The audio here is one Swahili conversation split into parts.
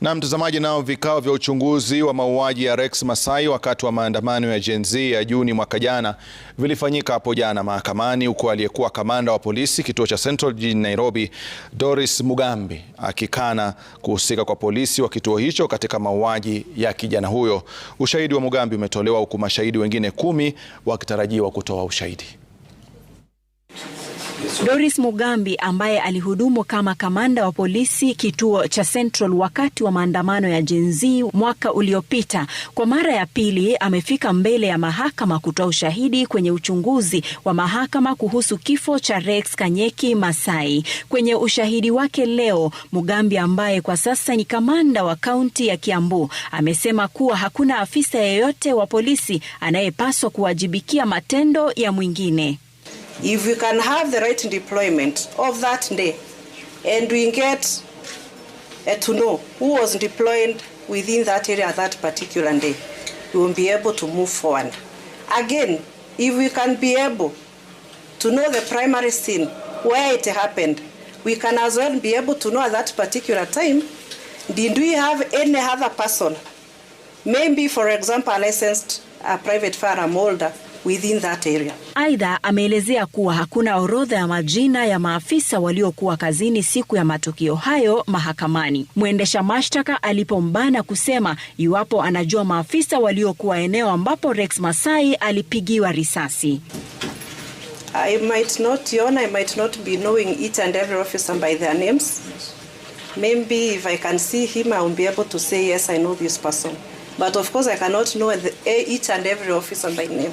Na mtazamaji, nao vikao vya uchunguzi wa mauaji ya Rex Masai wakati wa maandamano ya Gen Z ya Juni mwaka jana vilifanyika hapo jana mahakamani, huku aliyekuwa kamanda wa polisi kituo cha Central jijini Nairobi, Doris Mugambi akikana kuhusika kwa polisi wa kituo hicho katika mauaji ya kijana huyo. Ushahidi wa Mugambi umetolewa huku mashahidi wengine kumi wakitarajiwa kutoa ushahidi. Doris Mugambi ambaye alihudumu kama kamanda wa polisi kituo cha Central wakati wa maandamano ya Gen Z mwaka uliopita, kwa mara ya pili amefika mbele ya mahakama kutoa ushahidi kwenye uchunguzi wa mahakama kuhusu kifo cha Rex Kanyeki Masai. Kwenye ushahidi wake leo, Mugambi ambaye kwa sasa ni kamanda wa kaunti ya Kiambu amesema kuwa hakuna afisa yeyote wa polisi anayepaswa kuwajibikia matendo ya mwingine if we can have the right deployment of that day and we get uh, to know who was deployed within that area that particular day, we will be able to move forward. Again, if we can be able to know the primary scene, where it happened, we can as well be able to know at that particular time, did we have any other person, maybe for example a licensed a uh, private firearm holder within that area. Aidha, ameelezea kuwa hakuna orodha ya majina ya maafisa waliokuwa kazini siku ya matukio hayo mahakamani. Mwendesha mashtaka alipombana kusema iwapo anajua maafisa waliokuwa eneo ambapo Rex Masai alipigiwa risasi. I might not, Your Honor, I might not be knowing each and every officer by their names. Maybe if I can see him, I will be able to say, yes, I know this person. But of course, I cannot know eh, each and every officer by name.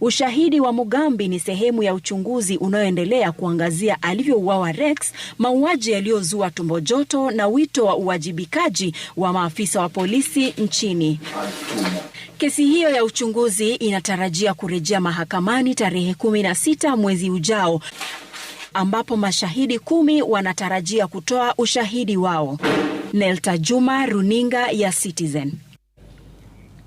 Ushahidi wa Mugambi ni sehemu ya uchunguzi unaoendelea kuangazia alivyouawa Rex, mauaji yaliyozua tumbo joto na wito wa uwajibikaji wa maafisa wa polisi nchini. Kesi hiyo ya uchunguzi inatarajia kurejea mahakamani tarehe 16 mwezi ujao ambapo mashahidi kumi wanatarajia kutoa ushahidi wao. Nelta Juma, runinga ya Citizen.